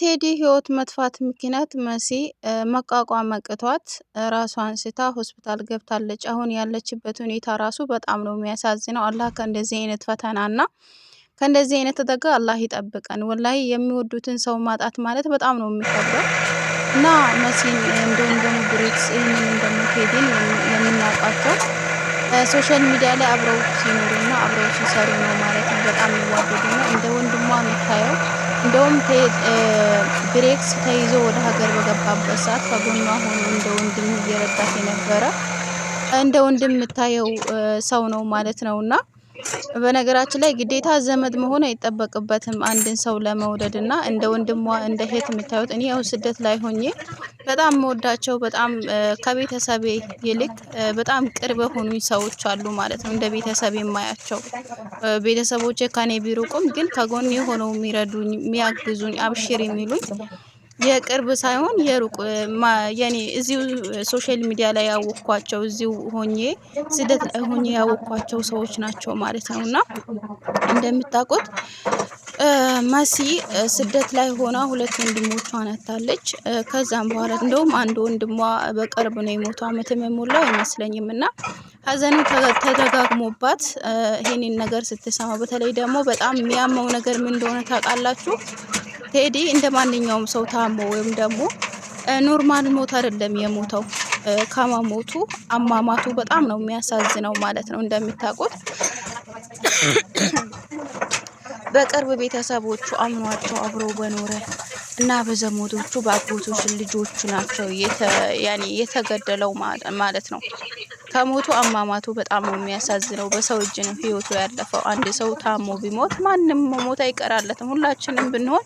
በቴዲ ህይወት መጥፋት ምክንያት መሲ መቋቋም አቅቷት ራሷን ስታ ሆስፒታል ገብታለች። አሁን ያለችበት ሁኔታ ራሱ በጣም ነው የሚያሳዝነው። አላህ ከእንደዚህ አይነት ፈተናና ከእንደዚህ አይነት ተጠጋ አላህ ይጠብቀን። ወላሂ የሚወዱትን ሰው ማጣት ማለት በጣም ነው የሚከብደው እና መሲን እንደውም ደግሞ ብሬክስ ይህንን ደግሞ ቴዲን የምናውቃቸው ሶሻል ሚዲያ ላይ አብረው እና አብረው ሲሰሩ ነው ማለት ነው። በጣም ይዋደዱና እንደ ወንድሟ የምታየው እንደውም ብሬክስ ተይዞ ወደ ሀገር በገባበት ሰዓት ከጎኗ ሆኖ እንደ ወንድም እየረዳት የነበረ እንደ ወንድም የምታየው ሰው ነው ማለት ነው እና በነገራችን ላይ ግዴታ ዘመድ መሆን አይጠበቅበትም። አንድን ሰው ለመውደድ እና እንደ ወንድሟ እንደ ሄት የምታዩት እኔ ያው ስደት ላይ ሆኜ በጣም መወዳቸው በጣም ከቤተሰቤ ይልቅ በጣም ቅርብ የሆኑኝ ሰዎች አሉ ማለት ነው። እንደ ቤተሰብ የማያቸው ቤተሰቦቼ ከኔ ቢሩቁም ግን ከጎን የሆነው የሚረዱኝ፣ የሚያግዙኝ፣ አብሽር የሚሉኝ የቅርብ ሳይሆን የሩቅ የኔ እዚሁ ሶሻል ሚዲያ ላይ ያወቅኳቸው እዚሁ ሆኜ ስደት ላይ ሆኜ ያወቅኳቸው ሰዎች ናቸው ማለት ነው። እና እንደምታውቁት መሲ ስደት ላይ ሆና ሁለት ወንድሞቿ ነታለች። ከዛም በኋላ እንደውም አንድ ወንድሟ በቅርብ ነው የሞተው፣ አመትም የሞላው አይመስለኝም እና ሀዘኑ ተደጋግሞባት ይህንን ነገር ስትሰማ፣ በተለይ ደግሞ በጣም የሚያመው ነገር ምን እንደሆነ ታውቃላችሁ? ቴዲ እንደ ማንኛውም ሰው ታሞ ወይም ደግሞ ኖርማል ሞት አይደለም የሞተው። ከመሞቱ አሟሟቱ በጣም ነው የሚያሳዝነው ማለት ነው። እንደሚታውቁት በቅርብ ቤተሰቦቹ አምኗቸው አብሮ በኖረ እና በዘመዶቹ በአጎቶች ልጆቹ ናቸው የተገደለው ማለት ነው። ከሞቱ አሟሟቱ በጣም ነው የሚያሳዝነው። በሰው እጅ ነው ህይወቱ ያለፈው። አንድ ሰው ታሞ ቢሞት ማንም ሞት አይቀራለትም። ሁላችንም ብንሆን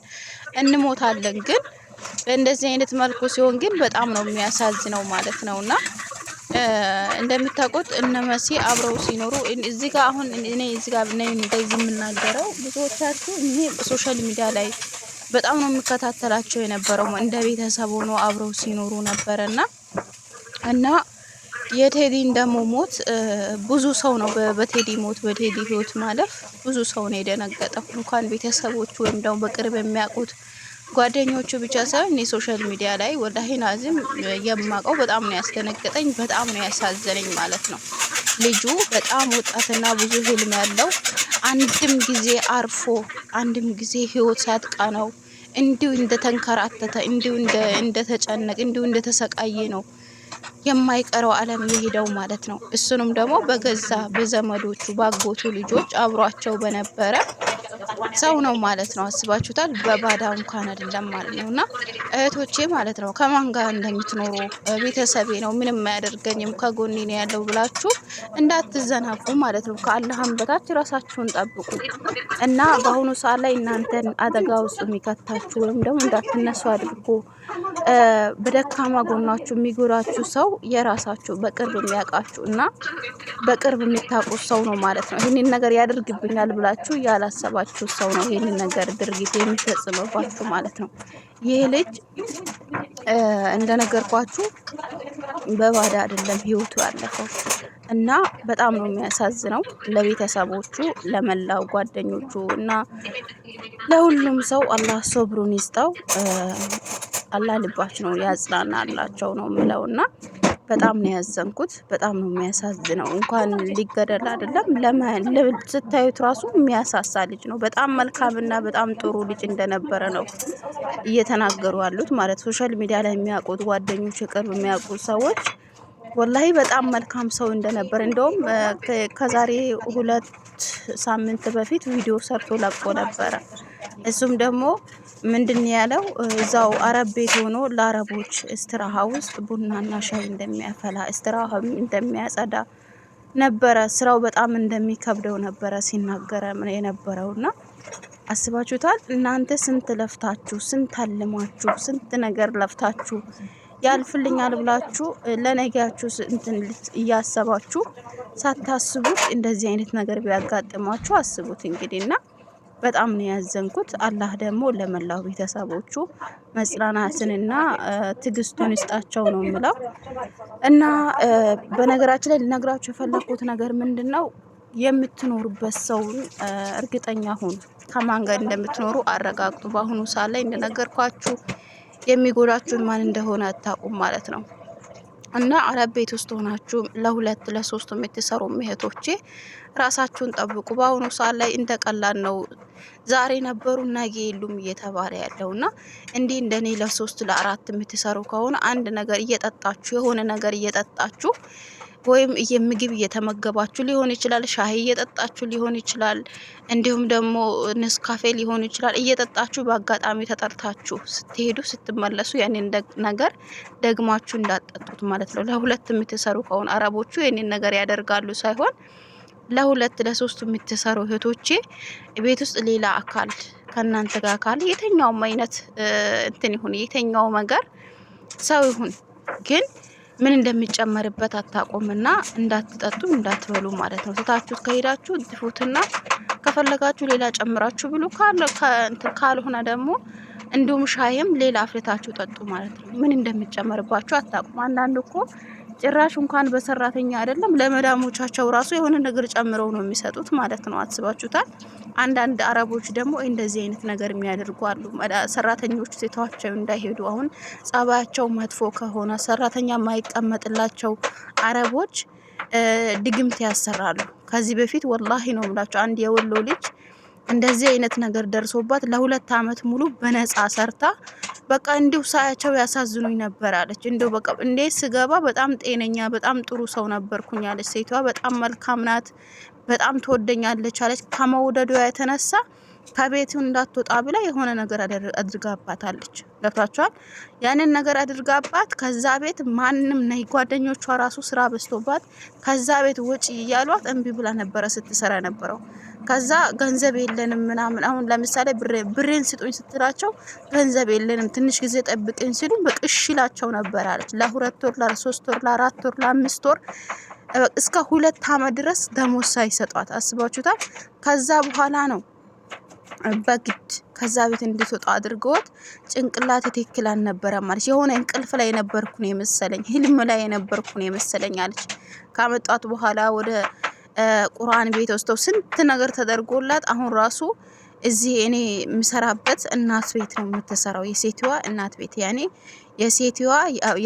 እንሞታለን። ግን በእንደዚህ አይነት መልኩ ሲሆን ግን በጣም ነው የሚያሳዝነው ማለት ነው እና እንደምታውቁት እነ መሲ አብረው ሲኖሩ እዚህ ጋር አሁን እኔ እዚህ ጋር ነኝ እንደዚህ የምናገረው ብዙዎቻችሁ እኔ ሶሻል ሚዲያ ላይ በጣም ነው የሚከታተላቸው የነበረው እንደ ቤተሰብ ሆኖ አብረው ሲኖሩ ነበረ እና እና የቴዲን ደግሞ ሞት ብዙ ሰው ነው በቴዲ ሞት በቴዲ ህይወት ማለፍ ብዙ ሰው ነው የደነገጠው። እንኳን ቤተሰቦቹ ወይም ደግሞ በቅርብ የሚያውቁት ጓደኞቹ ብቻ ሳይሆን እኔ ሶሻል ሚዲያ ላይ ወላሂ ናዚም የማውቀው በጣም ነው ያስደነገጠኝ፣ በጣም ነው ያሳዘነኝ ማለት ነው። ልጁ በጣም ወጣትና ብዙ ህልም ያለው አንድም ጊዜ አርፎ አንድም ጊዜ ህይወት ሳያጥቃ ነው እንዲሁ እንደተንከራተተ እንዲሁ እንደተጨነቅ እንዲሁ እንደተሰቃየ ነው የማይቀረው ዓለም የሄደው ማለት ነው። እሱንም ደግሞ በገዛ በዘመዶቹ ባጎቱ ልጆች አብሯቸው በነበረ ሰው ነው ማለት ነው። አስባችሁታል። በባዳ እንኳን አይደለም ማለት ነው። እና እህቶቼ ማለት ነው ከማን ጋር እንደምትኖሩ ቤተሰቤ ነው ምንም አያደርገኝም ከጎኔ ነው ያለው ብላችሁ እንዳትዘናጉ ማለት ነው። ከአላህም በታች ራሳችሁን ጠብቁ እና በአሁኑ ሰዓት ላይ እናንተን አደጋ ውስጥ የሚከታችሁ ወይም ደግሞ እንዳትነሱ አድርጎ በደካማ ጎናችሁ የሚጎዳችሁ ሰው የራሳችሁ በቅርብ የሚያውቃችሁ እና በቅርብ የሚታውቁት ሰው ነው ማለት ነው። ይህንን ነገር ያደርግብኛል ብላችሁ ያላሰባችሁ ሰው ነው ይህንን ነገር ድርጊት የሚፈጽምባችሁ ማለት ነው። ይህ ልጅ እንደነገርኳችሁ በባዳ አይደለም ህይወቱ ያለፈው እና በጣም ነው የሚያሳዝነው። ለቤተሰቦቹ፣ ለመላው ጓደኞቹ እና ለሁሉም ሰው አላህ ሶብሩን ይስጠው። አላህ ልባች ነው ያጽናናላቸው ነው የምለው እና በጣም ነው ያዘንኩት። በጣም ነው የሚያሳዝነው። እንኳን ሊገደል አይደለም ስታዩት ራሱ የሚያሳሳ ልጅ ነው። በጣም መልካምና በጣም ጥሩ ልጅ እንደነበረ ነው እየተናገሩ ያሉት ማለት ሶሻል ሚዲያ ላይ የሚያውቁት ጓደኞች፣ የቅርብ የሚያውቁት ሰዎች ወላሂ በጣም መልካም ሰው እንደነበር እንደውም ከዛሬ ሁለት ሳምንት በፊት ቪዲዮ ሰርቶ ለቆ ነበረ እሱም ደግሞ ምንድን ያለው እዛው አረብ ቤት ሆኖ ለአረቦች እስትራሃ ውስጥ ቡናና ሻይ እንደሚያፈላ እስትራሃ እንደሚያጸዳ ነበረ። ስራው በጣም እንደሚከብደው ነበረ ሲናገረ የነበረው እና አስባችሁታል? እናንተ ስንት ለፍታችሁ ስንት አልማችሁ ስንት ነገር ለፍታችሁ ያልፍልኛል ብላችሁ ለነጊያችሁ እንትን እያሰባችሁ ሳታስቡት እንደዚህ አይነት ነገር ቢያጋጥማችሁ አስቡት እንግዲህ እና በጣም ነው ያዘንኩት። አላህ ደግሞ ለመላው ቤተሰቦቹ መጽናናትንና ትግስቱን ይስጣቸው ነው የምለው እና በነገራችን ላይ ልነግራቸው የፈለግኩት ነገር ምንድን ነው የምትኖሩበት ሰውን እርግጠኛ ሁኑ። ከማን ጋር እንደምትኖሩ አረጋግጡ። በአሁኑ ሰዓት ላይ እንደነገርኳችሁ የሚጎዳችሁን ማን እንደሆነ አታውቁም ማለት ነው እና አረብ ቤት ውስጥ ሆናችሁ ለሁለት ለሶስቱ የምትሰሩ እህቶቼ ራሳችሁን ጠብቁ። በአሁኑ ሰዓት ላይ እንደቀላል ነው ዛሬ ነበሩ ነገ የሉም እየተባለ ያለው እና እንዲህ እንደኔ ለሶስት ለአራት የምትሰሩ ከሆነ አንድ ነገር እየጠጣችሁ የሆነ ነገር እየጠጣችሁ ወይም ምግብ እየተመገባችሁ ሊሆን ይችላል። ሻሂ እየጠጣችሁ ሊሆን ይችላል። እንዲሁም ደግሞ ንስካፌ ሊሆን ይችላል። እየጠጣችሁ በአጋጣሚ ተጠርታችሁ ስትሄዱ ስትመለሱ ያንን ነገር ደግማችሁ እንዳጠጡት ማለት ነው። ለሁለት የምትሰሩ ከሆነ አረቦቹ ይህንን ነገር ያደርጋሉ ሳይሆን ለሁለት ለሶስት የምትሰሩ እህቶቼ ቤት ውስጥ ሌላ አካል ከእናንተ ጋር ካለ የተኛውም አይነት እንትን ይሁን የተኛው ነገር ሰው ይሁን ግን ምን እንደሚጨመርበት አታቆምና እንዳትጠጡ እንዳትበሉ ማለት ነው። ትታችሁት ከሄዳችሁ ድፉትና ከፈለጋችሁ ሌላ ጨምራችሁ ብሉ፣ ካልሆነ ደግሞ እንዲሁም ሻይም ሌላ አፍልታችሁ ጠጡ ማለት ነው። ምን እንደሚጨመርባችሁ አታቁም። አንዳንድ እኮ ጭራሽ እንኳን በሰራተኛ አይደለም ለመዳሞቻቸው ራሱ የሆነ ነገር ጨምረው ነው የሚሰጡት ማለት ነው። አስባችሁታል። አንዳንድ አረቦች ደግሞ እንደዚህ አይነት ነገር የሚያደርጉ አሉ። ሰራተኞቹ ሴቷቸው እንዳይሄዱ አሁን ጸባያቸው መጥፎ ከሆነ ሰራተኛ የማይቀመጥላቸው አረቦች ድግምት ያሰራሉ። ከዚህ በፊት ወላሂ ነው የምላቸው አንድ የወሎ ልጅ እንደዚህ አይነት ነገር ደርሶባት ለሁለት አመት ሙሉ በነጻ ሰርታ በቃ እንዲሁ ሳያቸው ያሳዝኑኝ ነበር አለች። እንዲሁ በቃ እንዴ ስገባ በጣም ጤነኛ በጣም ጥሩ ሰው ነበርኩኝ አለች። ሴቷ በጣም መልካም ናት፣ በጣም ትወደኛለች አለች። ከመውደዷ የተነሳ ከቤቱ እንዳትወጣ ብላ የሆነ ነገር አድርጋባታለች። ገብቷቸዋል። ያንን ነገር አድርጋባት ከዛ ቤት ማንም ነ ጓደኞቿ ራሱ ስራ በዝቶባት ከዛ ቤት ውጪ እያሏት እምቢ ብላ ነበረ ስትሰራ ነበረው ከዛ ገንዘብ የለንም ምናምን። አሁን ለምሳሌ ብሬን ስጡኝ ስትላቸው ገንዘብ የለንም ትንሽ ጊዜ ጠብቅኝ ሲሉም በቅሽ ይላቸው ነበር አለች። ለሁለት ወር፣ ለሶስት ወር፣ ለአራት ወር፣ ለአምስት ወር እስከ ሁለት አመት ድረስ ደሞዝ ሳይሰጧት አስባችሁታል። ከዛ በኋላ ነው በግድ ከዛ ቤት እንድትወጣ አድርገውት ጭንቅላት ትክክል አልነበረም አለች። የሆነ እንቅልፍ ላይ የነበርኩን የመሰለኝ፣ ህልም ላይ የነበርኩን የመሰለኝ አለች። ካመጧት በኋላ ወደ ቁርአን ቤት ወስደው ስንት ነገር ተደርጎላት አሁን ራሱ እዚህ እኔ የምሰራበት እናት ቤት ነው የምትሰራው። የሴትዋ እናት ቤት ያኔ የሴትዋ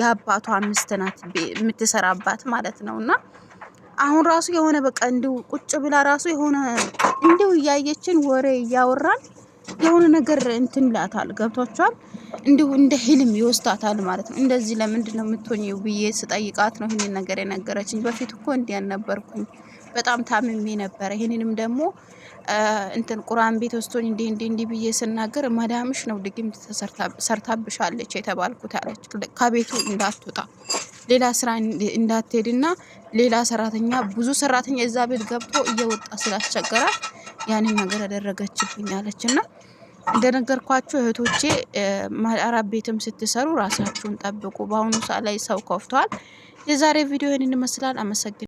የአባቷ አምስት ናት የምትሰራባት ማለት ነው። እና አሁን ራሱ የሆነ በቃ እንዲሁ ቁጭ ብላ ራሱ የሆነ እንዲሁ እያየችን ወሬ እያወራን የሆነ ነገር እንትን ላታል ገብቷቸዋል። እንዲሁ እንደ ህልም ይወስዳታል ማለት ነው። እንደዚህ ለምንድን ነው የምትሆኝው ብዬ ስጠይቃት ነው ይህንን ነገር የነገረችኝ። በፊት እኮ እንዲህ በጣም ታምሜ ነበረ። ይህንንም ደግሞ እንትን ቁራን ቤት ወስቶኝ እንዲህ እንዲህ እንዲህ ብዬ ስናገር መዳምሽ ነው ድግም ሰርታብሻለች የተባልኩት አለች። ከቤቱ እንዳትወጣ ሌላ ስራ እንዳትሄድና ሌላ ሰራተኛ ብዙ ሰራተኛ እዛ ቤት ገብቶ እየወጣ ስላስቸገራት ያንን ነገር ያደረገችብኝ አለች እንደነገርኳችሁ እህቶቼ አረብ ቤትም ስትሰሩ ራሳችሁን ጠብቁ። በአሁኑ ሰዓት ላይ ሰው ከፍቷል። የዛሬ ቪዲዮ ይህንን ይመስላል። አመሰግናለሁ።